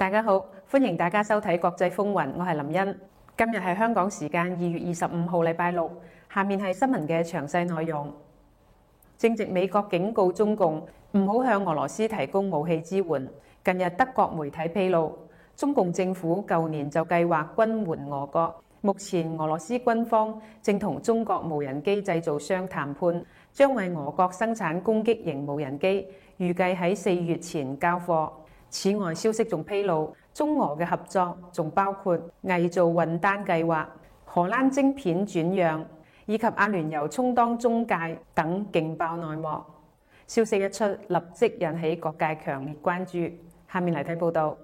大家好，歡迎大家收睇國際風雲，我係林茵。今日係香港時間二月二十五號，禮拜六。下面係新聞嘅詳細內容。正值美國警告中共唔好向俄羅斯提供武器支援，近日德國媒體披露，中共政府舊年就計劃軍援俄國。目前俄羅斯軍方正同中國無人機製造商談判，將為俄國生產攻擊型無人機，預計喺四月前交貨。此外，消息仲披露，中俄嘅合作仲包括偽造運單計劃、荷蘭晶片轉讓以及阿聯酋充當中介等勁爆內幕。消息一出，立即引起各界強烈關注。下面嚟睇報道。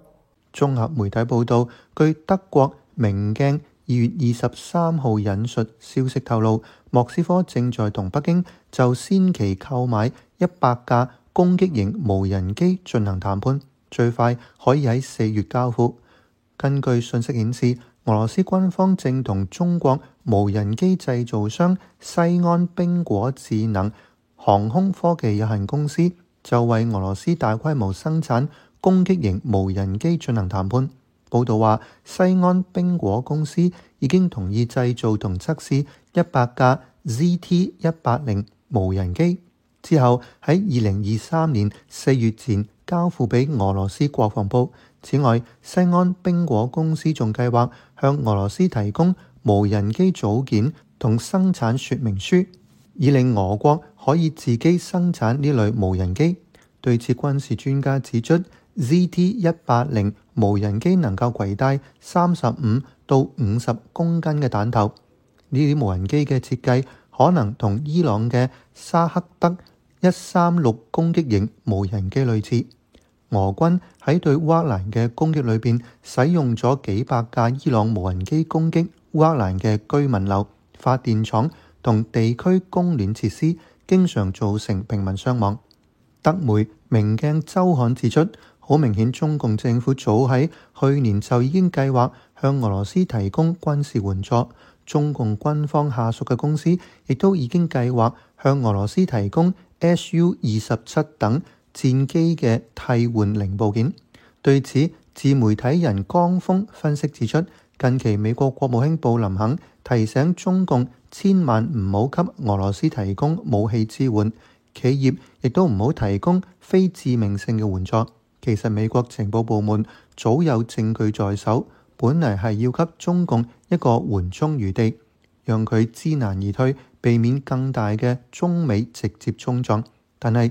綜合媒體報道，據德國明鏡二月二十三號引述消息透露，莫斯科正在同北京就先期購買一百架攻擊型無人機進行談判。最快可以喺四月交付。根據信息顯示，俄羅斯軍方正同中國無人機製造商西安冰果智能航空科技有限公司就為俄羅斯大規模生產攻擊型無人機進行談判。報道話，西安冰果公司已經同意製造同測試一百架 ZT 一八零無人機，之後喺二零二三年四月前，交付俾俄羅斯國防部。此外，西安冰果公司仲計劃向俄羅斯提供無人機組件同生產說明書，以令俄國可以自己生產呢類無人機。對此，軍事專家指出，ZT 一八零無人機能夠攜帶三十五到五十公斤嘅彈頭。呢啲無人機嘅設計可能同伊朗嘅沙克德一三六攻擊型無人機類似。俄軍喺對烏克蘭嘅攻擊裏邊，使用咗幾百架伊朗無人機攻擊烏克蘭嘅居民樓、發電廠同地區供暖設施，經常造成平民傷亡。德媒《明鏡周刊》指出，好明顯中共政府早喺去年就已經計劃向俄羅斯提供軍事援助，中共軍方下屬嘅公司亦都已經計劃向俄羅斯提供 SU 二十七等。戰機嘅替換零部件，對此，自媒體人江峰分析指出，近期美國國務卿布林肯提醒中共，千萬唔好給俄羅斯提供武器支援，企業亦都唔好提供非致命性嘅援助。其實美國情報部門早有證據在手，本嚟係要給中共一個緩衝餘地，讓佢知難而退，避免更大嘅中美直接衝撞，但係，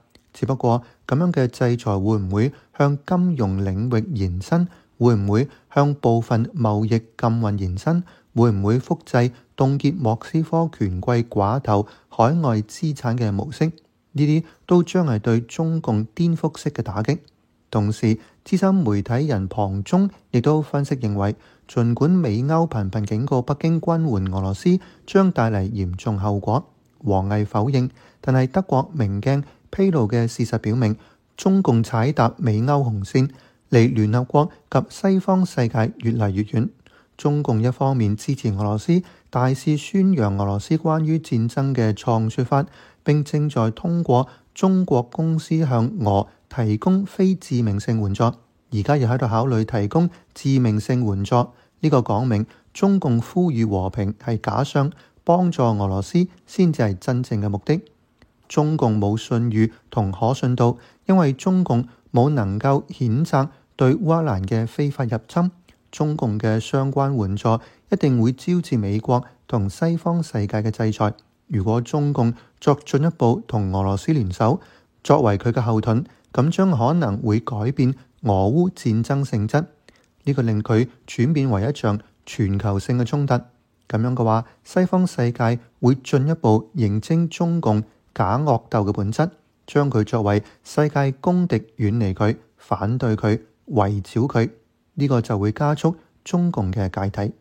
只不過咁樣嘅制裁會唔會向金融領域延伸？會唔會向部分貿易禁運延伸？會唔會複製凍結莫斯科權貴寡頭海外資產嘅模式？呢啲都將係對中共顛覆式嘅打擊。同時，資深媒體人龐中亦都分析認為，儘管美歐頻頻警告北京軍，軍援俄羅斯將帶嚟嚴重後果，王毅否認，但係德國明鏡。披露嘅事實表明，中共踩踏美歐紅線，離聯合國及西方世界越嚟越遠。中共一方面支持俄羅斯，大肆宣揚俄羅斯關於戰爭嘅創說法，並正在通過中國公司向俄提供非致命性援助，而家又喺度考慮提供致命性援助。呢、這個講明，中共呼籲和平係假象，幫助俄羅斯先至係真正嘅目的。中共冇信譽同可信度，因為中共冇能夠譴責對烏克蘭嘅非法入侵。中共嘅相關援助一定會招致美國同西方世界嘅制裁。如果中共作進一步同俄羅斯聯手，作為佢嘅後盾，咁將可能會改變俄烏戰爭性質，呢、這個令佢轉變為一場全球性嘅衝突。咁樣嘅話，西方世界會進一步認清中共，假惡鬥嘅本質，將佢作為世界公敵，遠離佢，反對佢，圍剿佢，呢個就會加速中共嘅解體。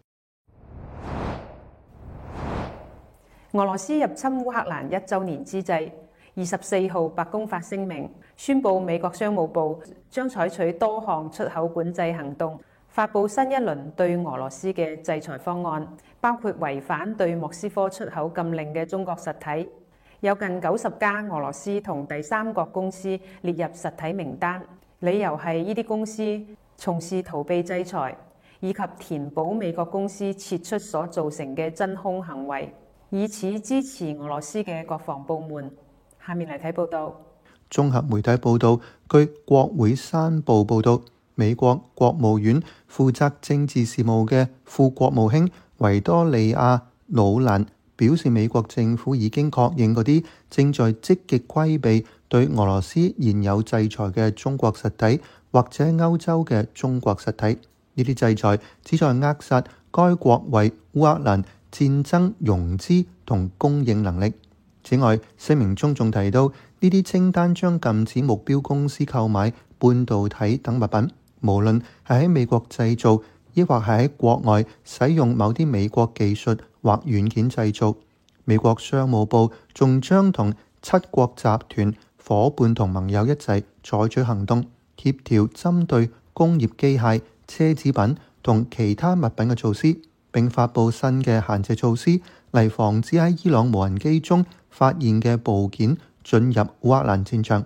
俄羅斯入侵烏克蘭一周年之際，二十四號白宮發聲明，宣布美國商務部將採取多項出口管制行動，發布新一輪對俄羅斯嘅制裁方案，包括違反對莫斯科出口禁令嘅中國實體。有近九十家俄羅斯同第三國公司列入實體名單，理由係呢啲公司從事逃避制裁，以及填補美國公司撤出所造成嘅真空行為，以此支持俄羅斯嘅國防部門。下面嚟睇報道。綜合媒體報道，據國會山報報導，美國國務院負責政治事務嘅副國務卿維多利亞魯蘭。表示美國政府已經確認嗰啲正在積極規避對俄羅斯現有制裁嘅中國實體，或者歐洲嘅中國實體，呢啲制裁旨在扼殺該國為烏克蘭戰爭融資同供應能力。此外，聲明中仲提到，呢啲清單將禁止目標公司購買半導體等物品，無論係喺美國製造，抑或係喺國外使用某啲美國技術。或軟件製造，美國商務部仲將同七國集團伙伴同盟友一齊採取行動，協調針對工業機械、奢侈品同其他物品嘅措施，並發布新嘅限制措施，嚟防止喺伊朗無人機中發現嘅部件進入烏克蘭戰場。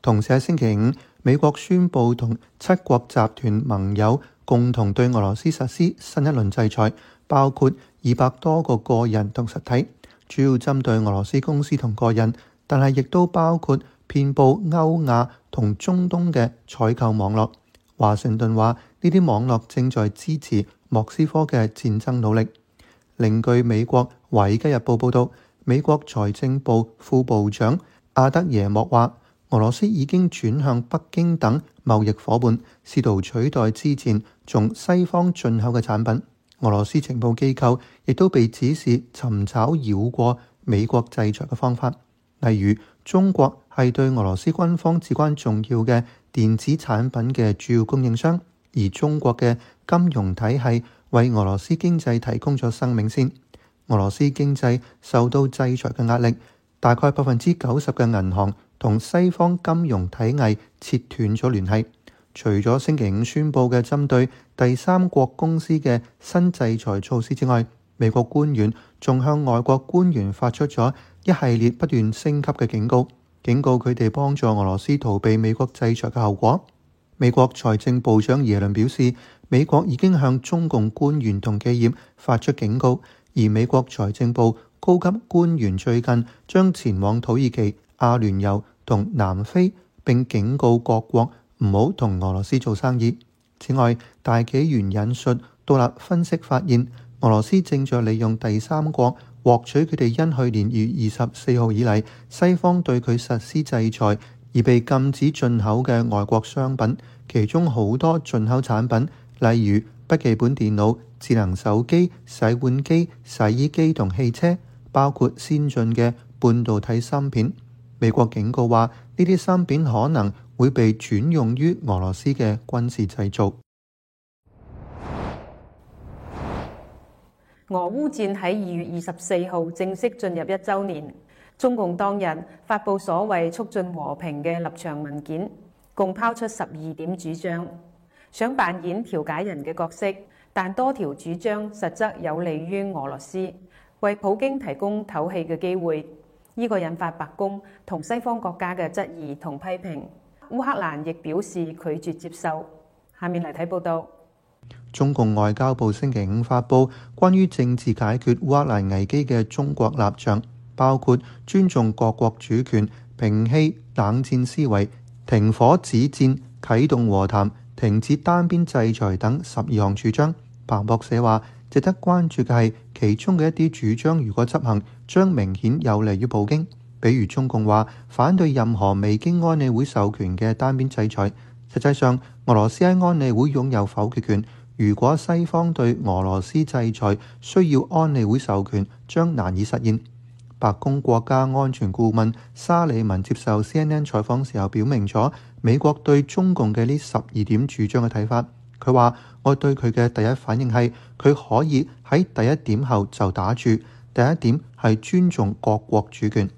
同時喺星期五，美國宣布同七國集團盟友共同對俄羅斯實施新一輪制裁，包括二百多個個人同實體，主要針對俄羅斯公司同個人，但係亦都包括遍布歐亞同中東嘅採購網絡。華盛頓話：呢啲網絡正在支持莫斯科嘅戰爭努力。另據美國《華爾街日報》報道，美國財政部副部長阿德耶莫話，俄羅斯已經轉向北京等貿易伙伴，試圖取代之前從西方進口嘅產品。俄羅斯情報機構亦都被指示尋找繞過美國制裁嘅方法，例如，中國係對俄羅斯軍方至關重要嘅電子產品嘅主要供應商，而中國嘅金融體系為俄羅斯經濟提供咗生命線。俄羅斯經濟受到制裁嘅壓力，大概百分之九十嘅銀行同西方金融體系切斷咗聯繫。除咗星期五宣布嘅針對第三國公司嘅新制裁措施之外，美國官員仲向外國官員發出咗一系列不斷升級嘅警告，警告佢哋幫助俄羅斯逃避美國制裁嘅後果。美國財政部長耶倫表示，美國已經向中共官員同企業發出警告，而美國財政部高級官員最近將前往土耳其、阿聯酋同南非，並警告各國。唔好同俄羅斯做生意。此外，大紀元引述獨立分析發現，俄羅斯正在利用第三國獲取佢哋因去年二月二十四號以嚟西方對佢實施制裁而被禁止進口嘅外國商品，其中好多進口產品，例如筆記本電腦、智能手機、洗碗機、洗衣機同汽車，包括先進嘅半導體芯片。美國警告話，呢啲芯片可能會被轉用於俄羅斯嘅軍事製造。俄烏戰喺二月二十四號正式進入一週年。中共當日發佈所謂促進和平嘅立場文件，共拋出十二點主張，想扮演調解人嘅角色，但多條主張實則有利於俄羅斯，為普京提供唞氣嘅機會。呢個引發白宮同西方國家嘅質疑同批評。烏克蘭亦表示拒絕接受。下面嚟睇報道。中共外交部星期五發布關於政治解決烏克蘭危機嘅中國立場，包括尊重各國主權、平息冷戰思維、停火止戰、啟動和談、停止單邊制裁等十二項主張。彭博社話，值得關注嘅係其中嘅一啲主張，如果執行，將明顯有利於普京。比如中共話反對任何未經安理會授權嘅單邊制裁。實際上，俄羅斯喺安理會擁有否決權。如果西方對俄羅斯制裁需要安理會授權，將難以實現。白宮國家安全顧問沙利文接受 CNN 採訪時候，表明咗美國對中共嘅呢十二點主張嘅睇法。佢話：我對佢嘅第一反應係佢可以喺第一點後就打住。第一點係尊重各國主權。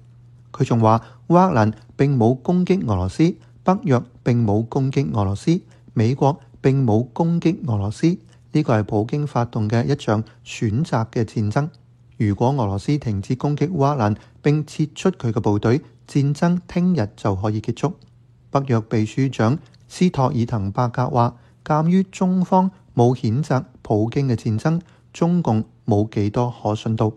佢仲話：烏克蘭並冇攻擊俄羅斯，北約並冇攻擊俄羅斯，美國並冇攻擊俄羅斯。呢個係普京發動嘅一場選擇嘅戰爭。如果俄羅斯停止攻擊烏克蘭並撤出佢嘅部隊，戰爭聽日就可以結束。北約秘書長斯托爾滕伯格話：鑑於中方冇譴責普京嘅戰爭，中共冇幾多可信度。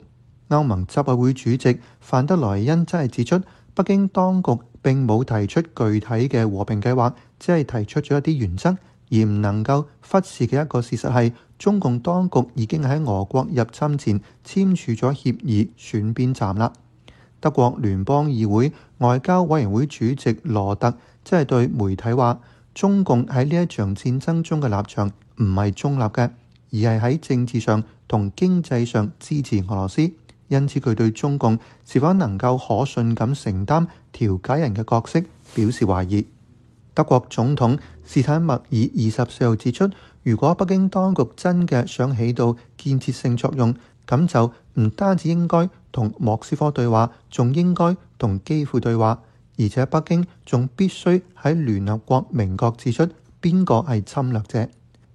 歐盟執委會主席范德萊恩真係指出，北京當局並冇提出具體嘅和平計劃，只係提出咗一啲原則，而唔能夠忽視嘅一個事實係，中共當局已經喺俄國入侵前簽署咗協議，選邊站啦。德國聯邦議會外交委員會主席羅特真係對媒體話：中共喺呢一場戰爭中嘅立場唔係中立嘅，而係喺政治上同經濟上支持俄羅斯。因此，佢對中共是否能夠可信咁承擔調解人嘅角色表示懷疑。德國總統斯坦默爾二十四號指出，如果北京當局真嘅想起到建設性作用，咁就唔單止應該同莫斯科對話，仲應該同基輔對話，而且北京仲必須喺聯合國明確指出邊個係侵略者。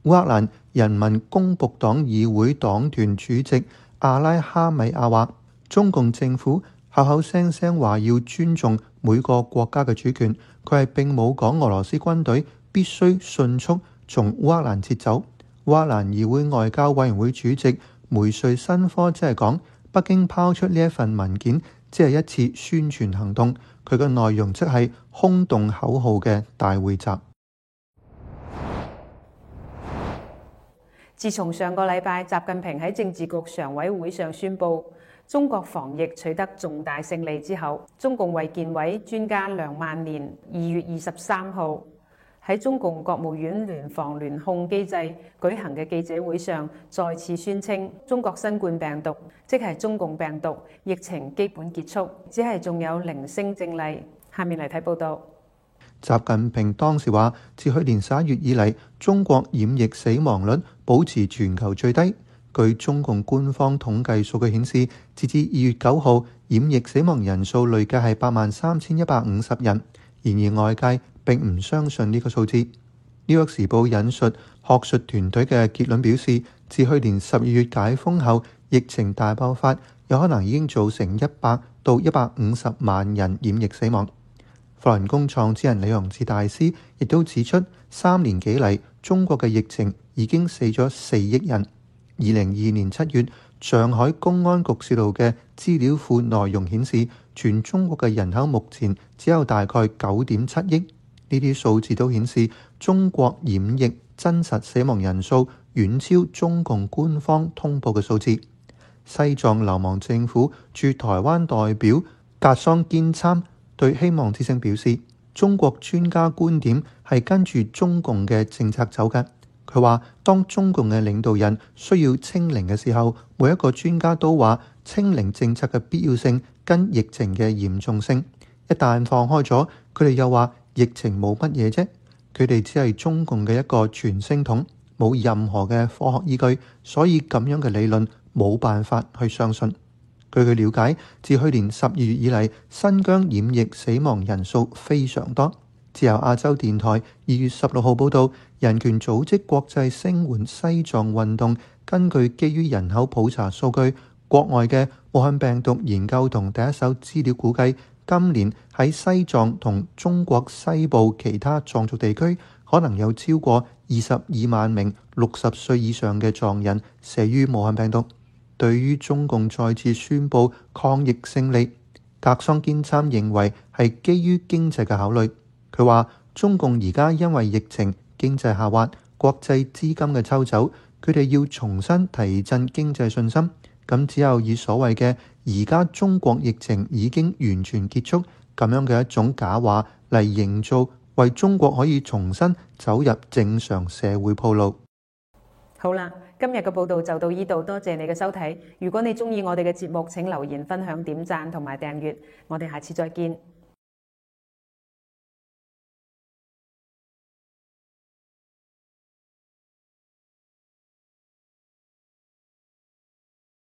烏克蘭人民公僕黨議會黨團主席。阿拉哈米亞話，中共政府口口聲聲話要尊重每個國家嘅主權，佢係並冇講俄羅斯軍隊必須迅速從烏克蘭撤走。烏克蘭議會外交委員會主席梅瑞申科即係講，北京拋出呢一份文件，只係一次宣傳行動，佢嘅內容即係空洞口號嘅大會集。自從上個禮拜，習近平喺政治局常委會上宣布中國防疫取得重大勝利之後，中共衛健委專家梁萬年二月二十三號喺中共國務院聯防聯控機制舉行嘅記者會上，再次宣稱中國新冠病毒即係中共病毒疫情基本結束，只係仲有零星病例。下面嚟睇報道。習近平當時話：自去年十一月以嚟，中國染疫死亡率保持全球最低。據中共官方統計數據顯示，截至二月九號，染疫死亡人數累計係八萬三千一百五十人。然而外界並唔相信呢個數字。《紐約時報》引述學術團隊嘅結論表示，自去年十二月解封後，疫情大爆發，有可能已經造成一百到一百五十萬人染疫死亡。法輪功創始人李洪志大師亦都指出，三年幾嚟，中國嘅疫情已經死咗四億人。二零二二年七月，上海公安局泄露嘅資料庫內容顯示，全中國嘅人口目前只有大概九點七億。呢啲數字都顯示，中國染疫真實死亡人數遠超中共官方通報嘅數字。西藏流亡政府駐台灣代表格桑堅參，對希望之聲表示，中國專家觀點，係跟住中共嘅政策走嘅。佢話，當中共嘅領導人需要清零嘅時候，每一個專家都話清零政策嘅必要性跟疫情嘅嚴重性。一旦放開咗，佢哋又話，疫情冇乜嘢啫。佢哋只係中共嘅一個傳聲筒，冇任何嘅科學依據，所以咁樣嘅理論冇辦法去相信。據佢瞭解，自去年十二月以嚟，新疆染疫死亡人數非常多。自由亞洲電台二月十六號報道，人權組織國際聲援西藏運動根據基於人口普查數據，國外嘅武漢病毒研究同第一手資料估計，今年喺西藏同中國西部其他藏族地區，可能有超過二十二萬名六十歲以上嘅藏人死於武漢病毒。對於中共再次宣布抗疫勝利，格桑堅參認為係基於經濟嘅考慮。佢話中共而家因為疫情經濟下滑，國際資金嘅抽走，佢哋要重新提振經濟信心。咁只有以所謂嘅而家中國疫情已經完全結束咁樣嘅一種假話嚟營造為中國可以重新走入正常社會鋪路。好啦。今日嘅報道就到呢度，多謝你嘅收睇。如果你中意我哋嘅節目，請留言、分享、點讚同埋訂閱。我哋下次再見。